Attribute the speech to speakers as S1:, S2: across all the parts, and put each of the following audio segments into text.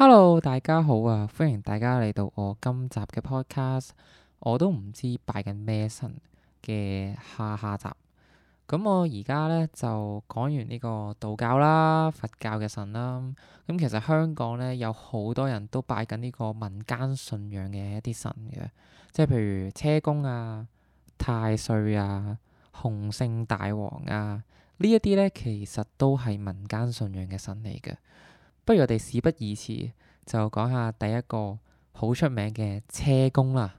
S1: Hello，大家好啊！歡迎大家嚟到我今集嘅 podcast。我都唔知拜緊咩神嘅下下集。咁我而家咧就講完呢個道教啦、佛教嘅神啦。咁其實香港咧有好多人都拜緊呢個民間信仰嘅一啲神嘅，即係譬如車公啊、太歲啊、洪聖大王啊呢一啲咧，其實都係民間信仰嘅神嚟嘅。不如我哋事不宜遲，就講下第一個好出名嘅車公啦。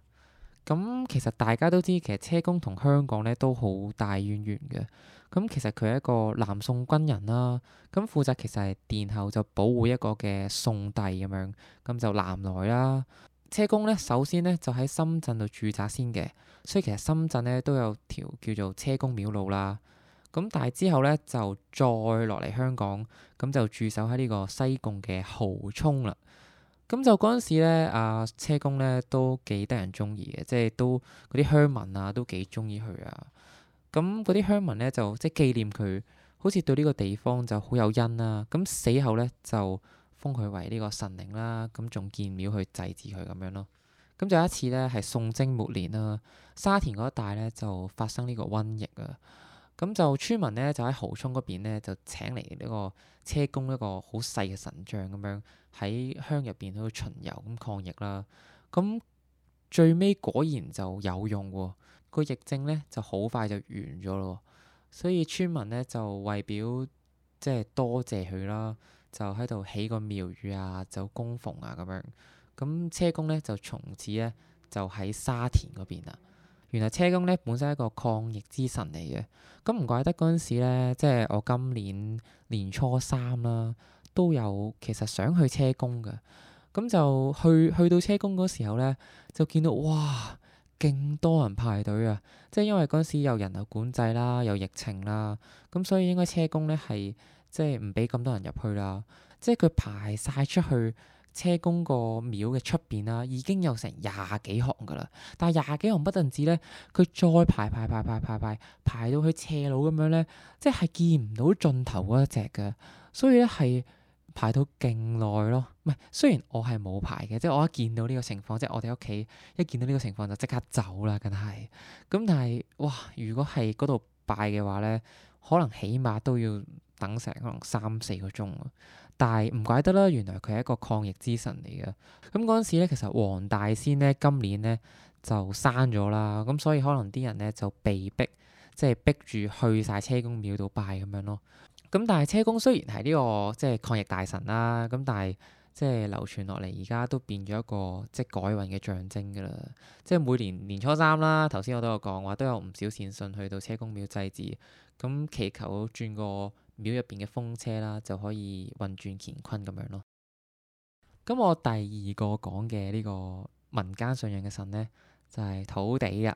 S1: 咁其實大家都知，其實車公同香港咧都好大淵源嘅。咁其實佢係一個南宋軍人啦，咁負責其實係殿後就保護一個嘅宋帝咁樣，咁就南來啦。車公咧首先咧就喺深圳度駐紮先嘅，所以其實深圳咧都有條叫做車公廟路啦。咁但係之後咧就再落嚟香港，咁就駐守喺呢個西貢嘅蠔涌啦。咁就嗰陣時咧，阿、啊、車公咧都幾得人中意嘅，即係都嗰啲鄉民啊都幾中意佢啊。咁嗰啲鄉民咧就即係紀念佢，好似對呢個地方就好有恩啦，啊。咁死後咧就封佢為呢個神靈啦，啊，咁仲建廟去祭祀佢咁樣咯。咁就有一次咧係宋征末年啦，啊，沙田嗰一帶咧就發生呢個瘟疫啊。咁就村民咧就喺蠔涌嗰邊咧就請嚟呢個車公一個好細嘅神像咁樣，喺鄉入邊喺度巡遊咁抗疫啦。咁最尾果然就有用喎，個疫症咧就好快就完咗咯。所以村民咧就為表即係、就是、多謝佢啦，就喺度起個廟宇啊，就供奉啊咁樣。咁車公咧就從此咧就喺沙田嗰邊啦。原來車公咧本身係一個抗疫之神嚟嘅，咁唔怪得嗰陣時咧，即係我今年年初三啦，啊，都有其實想去車公嘅，咁就去去到車公嗰時候咧，就見到哇，勁多人排隊啊！即係因為嗰陣時有人流管制啦，有疫情啦，咁所以應該車公咧係即係唔俾咁多人入去啦，即係佢排晒出去。車公個廟嘅出面啦，已經有成廿幾行噶啦，但係廿幾行不單止咧，佢再排排排排排排，排到去斜路咁樣咧，即係見唔到盡頭嗰一隻嘅，所以咧係排到勁耐咯。唔係，雖然我係冇排嘅，即係我一見到呢個情況，即係我哋屋企一見到呢個情況就即刻走啦，咁係。咁但係哇，如果係嗰度拜嘅話咧，可能起碼都要等成可能三四個鐘。但係唔怪得啦，原來佢係一個抗疫之神嚟嘅。咁嗰陣時咧，其實黃大仙咧今年咧就閂咗啦，咁所以可能啲人咧就被逼即係逼住去晒車公廟度拜咁樣咯。咁但係車公雖然係呢個即係抗疫大神啦，咁但係即係流傳落嚟而家都變咗一個即係改運嘅象徵㗎啦。即係每年年初三啦，頭先我都有講，話都有唔少善信去到車公廟祭祀，咁祈求轉過。廟入邊嘅風車啦，就可以運轉乾坤咁樣咯。咁我第二個講嘅呢個民間信仰嘅神呢，就係土地嘅。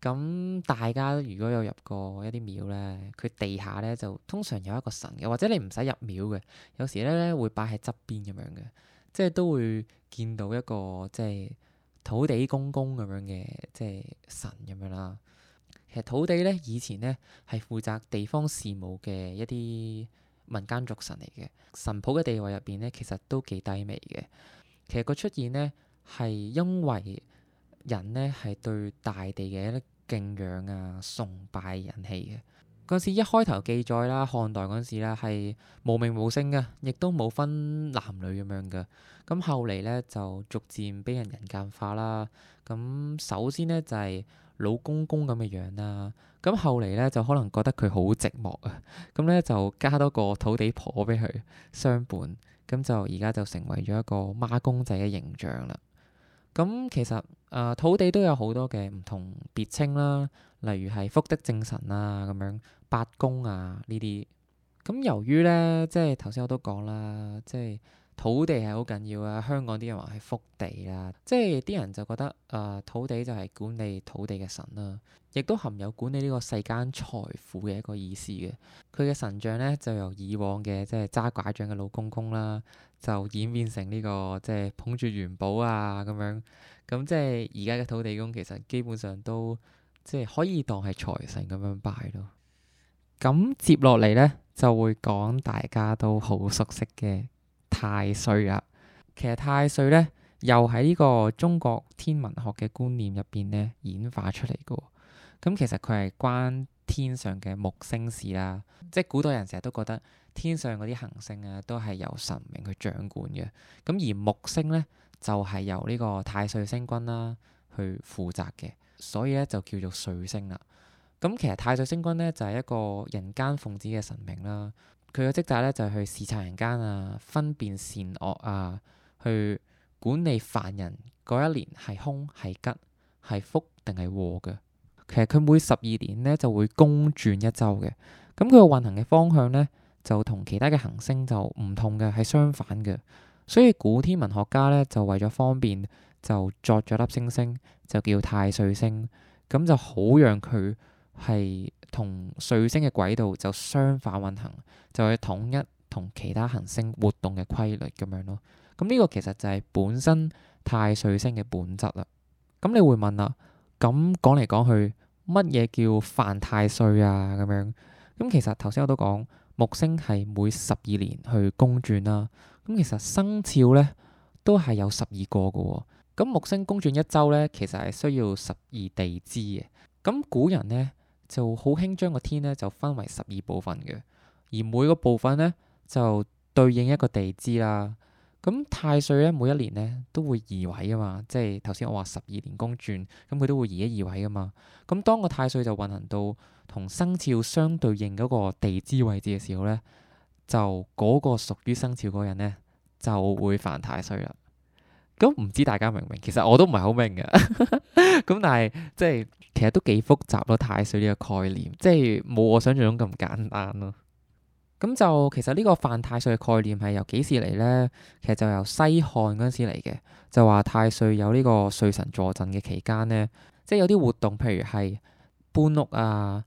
S1: 咁大家如果有入過一啲廟呢，佢地下呢就通常有一個神嘅，或者你唔使入廟嘅，有時呢咧會擺喺側邊咁樣嘅，即係都會見到一個即係土地公公咁樣嘅，即係神咁樣啦。其實土地咧，以前咧係負責地方事務嘅一啲民間族神嚟嘅。神譜嘅地位入邊咧，其實都幾低微嘅。其實個出現咧係因為人咧係對大地嘅一啲敬仰啊、崇拜引起嘅嗰陣時，一開頭記載啦，漢代嗰陣時咧係無名無姓嘅，亦都冇分男女咁樣嘅。咁後嚟咧就逐漸俾人人間化啦。咁首先咧就係、是。老公公咁嘅樣啦，咁後嚟咧就可能覺得佢好寂寞啊，咁 咧就加多個土地婆俾佢相伴，咁就而家就成為咗一個孖公仔嘅形象啦。咁其實誒、啊、土地都有好多嘅唔同別稱啦，例如係福德正神啊咁樣，八公啊呢啲。咁由於咧，即係頭先我都講啦，即係。土地係好緊要啊！香港啲人話係福地啦，即係啲人就覺得誒、呃、土地就係管理土地嘅神啦，亦都含有管理呢個世間財富嘅一個意思嘅。佢嘅神像咧就由以往嘅即係揸拐杖嘅老公公啦，就演變成呢、這個即係捧住元寶啊咁樣咁，即係而家嘅土地公其實基本上都即係可以當係財神咁樣拜咯。咁接落嚟咧就會講大家都好熟悉嘅。太歲啊，其實太歲咧，又喺呢個中國天文學嘅觀念入邊咧演化出嚟嘅。咁其實佢係關天上嘅木星事啦，即係古代人成日都覺得天上嗰啲行星啊都係由神明去掌管嘅。咁而木星咧就係、是、由呢個太歲星君啦去負責嘅，所以咧就叫做歲星啦。咁其實太歲星君咧就係、是、一個人間奉旨嘅神明啦。佢嘅職責咧就係去視察人間啊，分辨善惡啊，去管理凡人，嗰一年係凶係吉係福定係禍嘅。其實佢每十二年咧就會公轉一周嘅。咁佢個運行嘅方向咧就同其他嘅行星就唔同嘅，係相反嘅。所以古天文學家咧就為咗方便，就作咗粒星星，就叫太歲星，咁就好讓佢。係同歲星嘅軌道就相反運行，就去統一同其他行星活動嘅規律咁樣咯。咁呢個其實就係本身太歲星嘅本質啦。咁你會問啦，咁講嚟講去，乜嘢叫犯太歲啊？咁樣，咁其實頭先我都講木星係每十二年去公轉啦。咁其實生肖咧都係有十二個㗎，咁木星公轉一周咧，其實係需要十二地支嘅。咁古人咧。就好興將個天咧就分為十二部分嘅，而每個部分咧就對應一個地支啦。咁太歲咧每一年咧都會移位啊嘛，即係頭先我話十二年公轉，咁佢都會移一移位啊嘛。咁當個太歲就運行到同生肖相對應嗰個地支位置嘅時候咧，就嗰個屬於生肖嗰個人咧就會犯太歲啦。咁唔知大家明唔明？其實我都唔係好明嘅。 咁但係即係。其實都幾複雜咯，太歲呢個概念，即係冇我想象中咁簡單咯。咁 就其實呢個犯太歲嘅概念係由幾時嚟咧？其實就由西漢嗰陣時嚟嘅，就話太歲有呢個歲神坐鎮嘅期間咧，即係有啲活動，譬如係搬屋啊、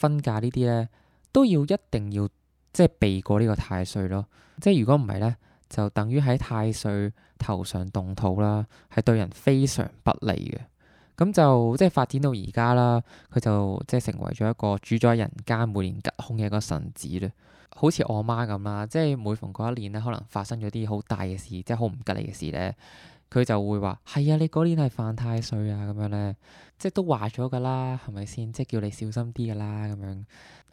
S1: 婚嫁呢啲咧，都要一定要即係避過呢個太歲咯。即係如果唔係咧，就等於喺太歲頭上動土啦，係對人非常不利嘅。咁就即係發展到而家啦，佢就即係成為咗一個主宰人間每年吉凶嘅一個神子啦。好似我媽咁啦，即係每逢嗰一年咧，可能發生咗啲好大嘅事，即係好唔吉利嘅事咧，佢就會話：係啊，你嗰年係犯太歲啊，咁樣咧，即係都話咗噶啦，係咪先？即係叫你小心啲噶啦，咁樣。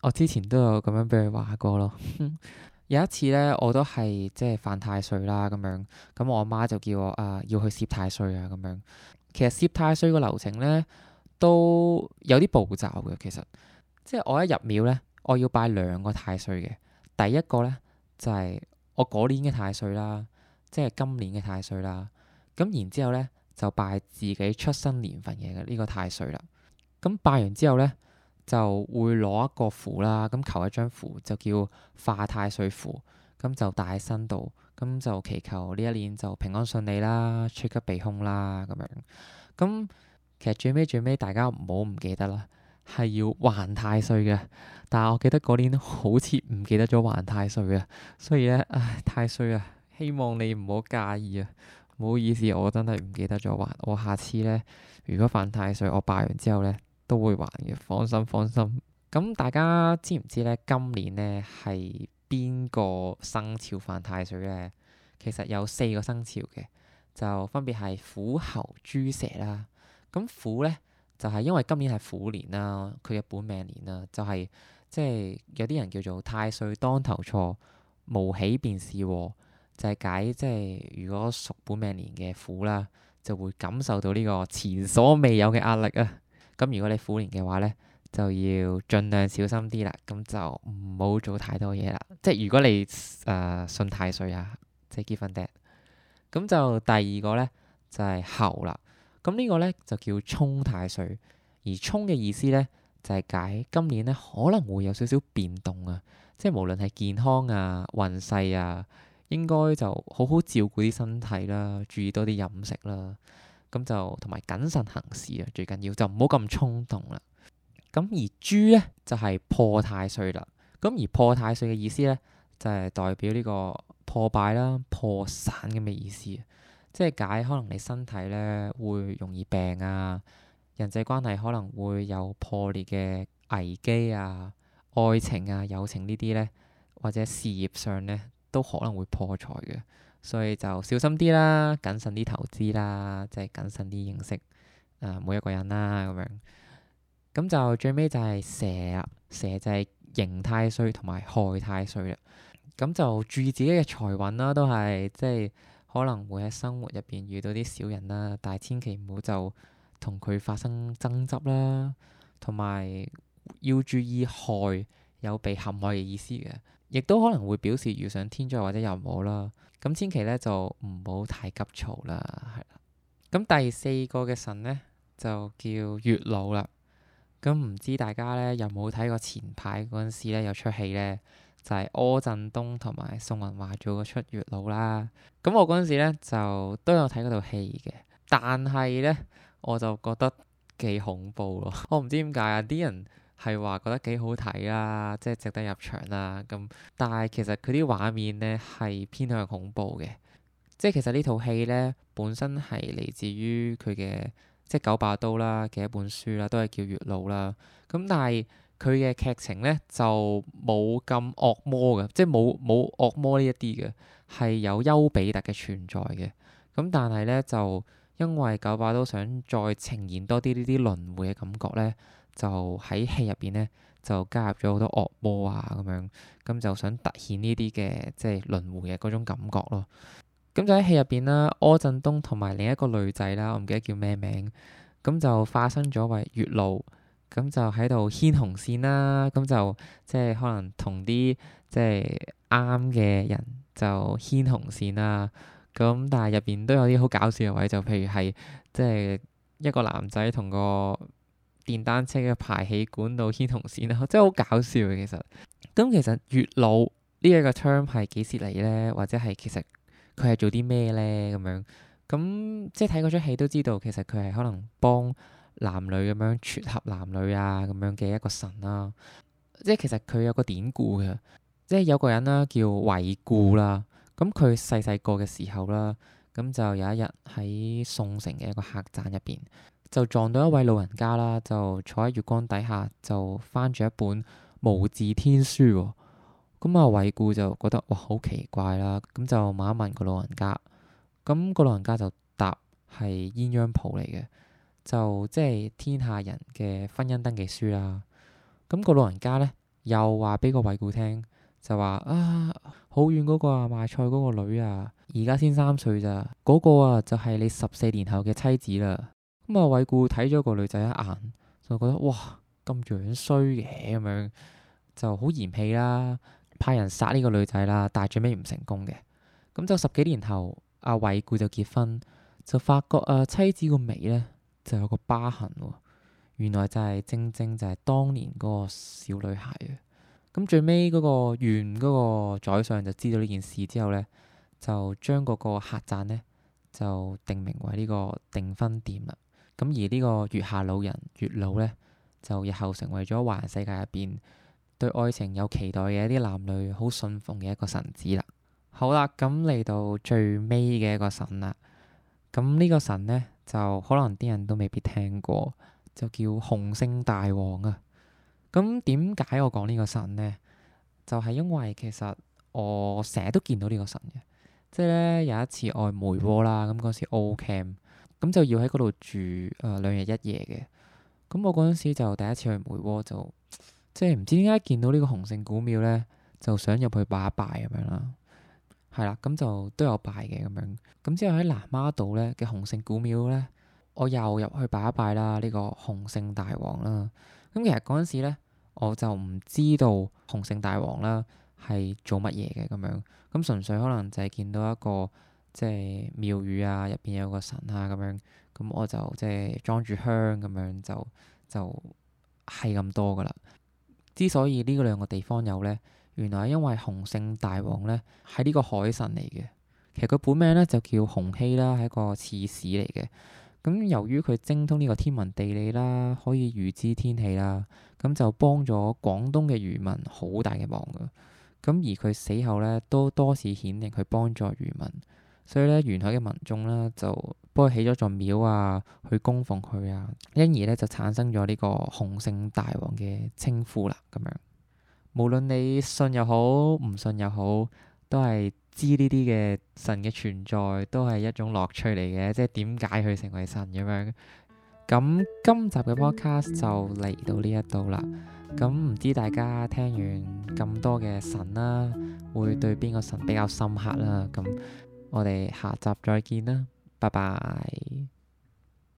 S1: 我之前都有咁樣俾佢話過咯。 有一次咧，我都係即係犯太歲啦，咁樣，咁我阿媽就叫我啊要去攝太歲啊，咁樣。其實攝太歲個流程咧都有啲步驟嘅，其實即係我一入廟咧，我要拜兩個太歲嘅。第一個咧就係我嗰年嘅太歲啦，即係今年嘅太歲啦。咁然之後咧就拜自己出生年份嘅呢個太歲啦。咁拜完之後咧就會攞一個符啦，咁求一張符就叫化太歲符，咁就帶喺身度。咁就祈求呢一年就平安順利啦，出吉避凶啦，咁樣。咁其實最尾最尾大家唔好唔記得啦，係要還太歲嘅。但係我記得嗰年好似唔記得咗還太歲啊，所以咧，唉，太歲啊，希望你唔好介意啊，唔好意思，我真係唔記得咗還。我下次咧，如果犯太歲，我拜完之後咧都會還嘅，放心放心。咁大家知唔知咧？今年咧係。邊個生肖犯太歲咧？其實有四個生肖嘅，就分別係虎、猴、豬、蛇啦。咁虎咧，就係、是、因為今年係虎年啦，佢嘅本命年啦，就係即係有啲人叫做太歲當頭錯，無喜便是禍，就係、是、解即係、就是、如果屬本命年嘅虎啦，就會感受到呢個前所未有嘅壓力啊！咁如果你虎年嘅話咧，就要盡量小心啲啦，咁就唔好做太多嘢啦。即係如果你誒、呃、信太歲啊，即係結婚訂，咁就第二個咧就係猴啦。咁呢個咧就叫沖太歲，而沖嘅意思咧就係、是、解今年咧可能會有少少變動啊。即係無論係健康啊、運勢啊，應該就好好照顧啲身體啦，注意多啲飲食啦。咁就同埋謹慎行事啊，最緊要就唔好咁衝動啦。咁而豬咧就係破太歲啦，咁而破太歲嘅意思咧就係代表呢個破敗啦、破散嘅咩意思啊？即係解可能你身體咧會容易病啊，人際關係可能會有破裂嘅危機啊，愛情啊、友情呢啲咧，或者事業上咧都可能會破財嘅，所以就小心啲啦，謹慎啲投資啦，即係謹慎啲認識啊每一個人啦咁樣。咁就最尾就係蛇啊，蛇就係刑太歲同埋害太歲啦。咁就注意自己嘅財運啦，都係即係可能會喺生活入邊遇到啲小人啦，但係千祈唔好就同佢發生爭執啦，同埋要注意害有被陷害嘅意思嘅，亦都可能會表示遇上天災或者人禍啦。咁千祈咧就唔好太急躁啦，係啦。咁第四個嘅神咧就叫月老啦。咁唔知大家咧有冇睇過前排嗰陣時咧有出戲咧，就係柯震東同埋宋文華做嗰出《月老》啦。咁我嗰陣時咧就都有睇嗰套戲嘅，但係咧我就覺得幾恐怖咯。 我唔知點解啊，啲人係話覺得幾好睇啦，即係值得入場啦。咁但係其實佢啲畫面咧係偏向恐怖嘅，即係其實呢套戲咧本身係嚟自於佢嘅。即係九把刀啦嘅一本書啦，都係叫月老啦。咁但係佢嘅劇情咧就冇咁惡魔嘅，即係冇冇惡魔呢一啲嘅，係有丘比特嘅存在嘅。咁但係咧就因為九把刀想再呈現多啲呢啲輪迴嘅感覺咧，就喺戲入邊咧就加入咗好多惡魔啊咁樣，咁就想突顯呢啲嘅即係輪迴嘅嗰種感覺咯。咁就喺戲入邊啦，柯震東同埋另一個女仔啦，我唔記得叫咩名，咁就化身咗為月老，咁就喺度牽紅線啦。咁就即係可能同啲即係啱嘅人就牽紅線啦。咁但係入邊都有啲好搞笑嘅位，就譬如係即係一個男仔同個電單車嘅排氣管道牽紅線啦，即係好搞笑嘅。其實咁其實月老呢一個 term 係幾時嚟咧？或者係其實。佢係做啲咩咧？咁樣咁即係睇嗰出戲都知道，其實佢係可能幫男女咁樣撮合男女啊，咁樣嘅一個神啦、啊。即係其實佢有個典故嘅，即係有個人啦、啊、叫韋固啦。咁佢細細個嘅時候啦、啊，咁就有一日喺宋城嘅一個客棧入邊，就撞到一位老人家啦、啊，就坐喺月光底下，就翻住一本無字天書喎。啊。咁啊，韋固就覺得哇好奇怪啦，咁就問一問個老人家，咁個老人家就答係鴛鴦譜嚟嘅，就即係天下人嘅婚姻登記書啦。咁個老人家咧又話俾個韋固聽，就話啊好遠嗰個啊，賣菜嗰個女啊，而家先三歲咋，嗰、那個啊就係、是、你十四年後嘅妻子啦。咁啊，韋固睇咗個女仔一眼，就覺得哇咁樣衰嘅咁樣，就好嫌棄啦。派人殺呢個女仔啦，但係最尾唔成功嘅。咁就十幾年後，阿偉固就結婚，就發覺啊妻子個眉咧就有個疤痕喎，原來就係、是、正正就係當年嗰個小女孩啊。咁最尾嗰、那個原嗰個宰相就知道呢件事之後咧，就將嗰個客棧咧就定名為呢個訂婚店啦。咁而呢個月下老人月老咧，就日後成為咗華人世界入邊。對愛情有期待嘅一啲男女，好信奉嘅一個神子啦。好啦，咁嚟到最尾嘅一個神啦。咁呢個神呢，就可能啲人都未必聽過，就叫洪聖大王啊。咁點解我講呢個神呢？就係、是、因為其實我成日都見到呢個神嘅，即係咧，有一次我去梅窩啦。咁嗰時 O Camp 咁就要喺嗰度住誒、呃、兩日一夜嘅。咁我嗰陣時就第一次去梅窩就。即係唔知點解見到呢個洪聖古廟咧，就想入去拜一拜咁樣啦，係啦，咁就都有拜嘅咁樣。咁之後喺南丫島咧嘅洪聖古廟咧，我又入去拜一拜啦，呢個洪聖大王啦。咁其實嗰陣時咧，我就唔知道洪聖大王啦係做乜嘢嘅咁樣。咁純粹可能就係見到一個即係廟宇啊，入邊有個神啊咁樣，咁我就即係裝住香咁樣就就係咁多噶啦。之所以呢個兩個地方有咧，原來因為洪聖大王咧係呢個海神嚟嘅。其實佢本名咧就叫洪熙啦，係一個刺史嚟嘅。咁由於佢精通呢個天文地理啦，可以預知天氣啦，咁就幫咗廣東嘅漁民好大嘅忙㗎。咁而佢死後咧都多次顯靈去幫助漁民。所以咧，沿海嘅民眾啦，就幫佢起咗座廟啊，去供奉佢啊，因而咧就產生咗呢個洪聖大王嘅稱呼啦。咁樣，無論你信又好，唔信又好，都係知呢啲嘅神嘅存在，都係一種樂趣嚟嘅。即係點解佢成為神咁樣？咁今集嘅 podcast 就嚟到呢一度啦。咁唔知大家聽完咁多嘅神啦、啊，會對邊個神比較深刻啦、啊？咁。我哋下集再見啦，拜拜。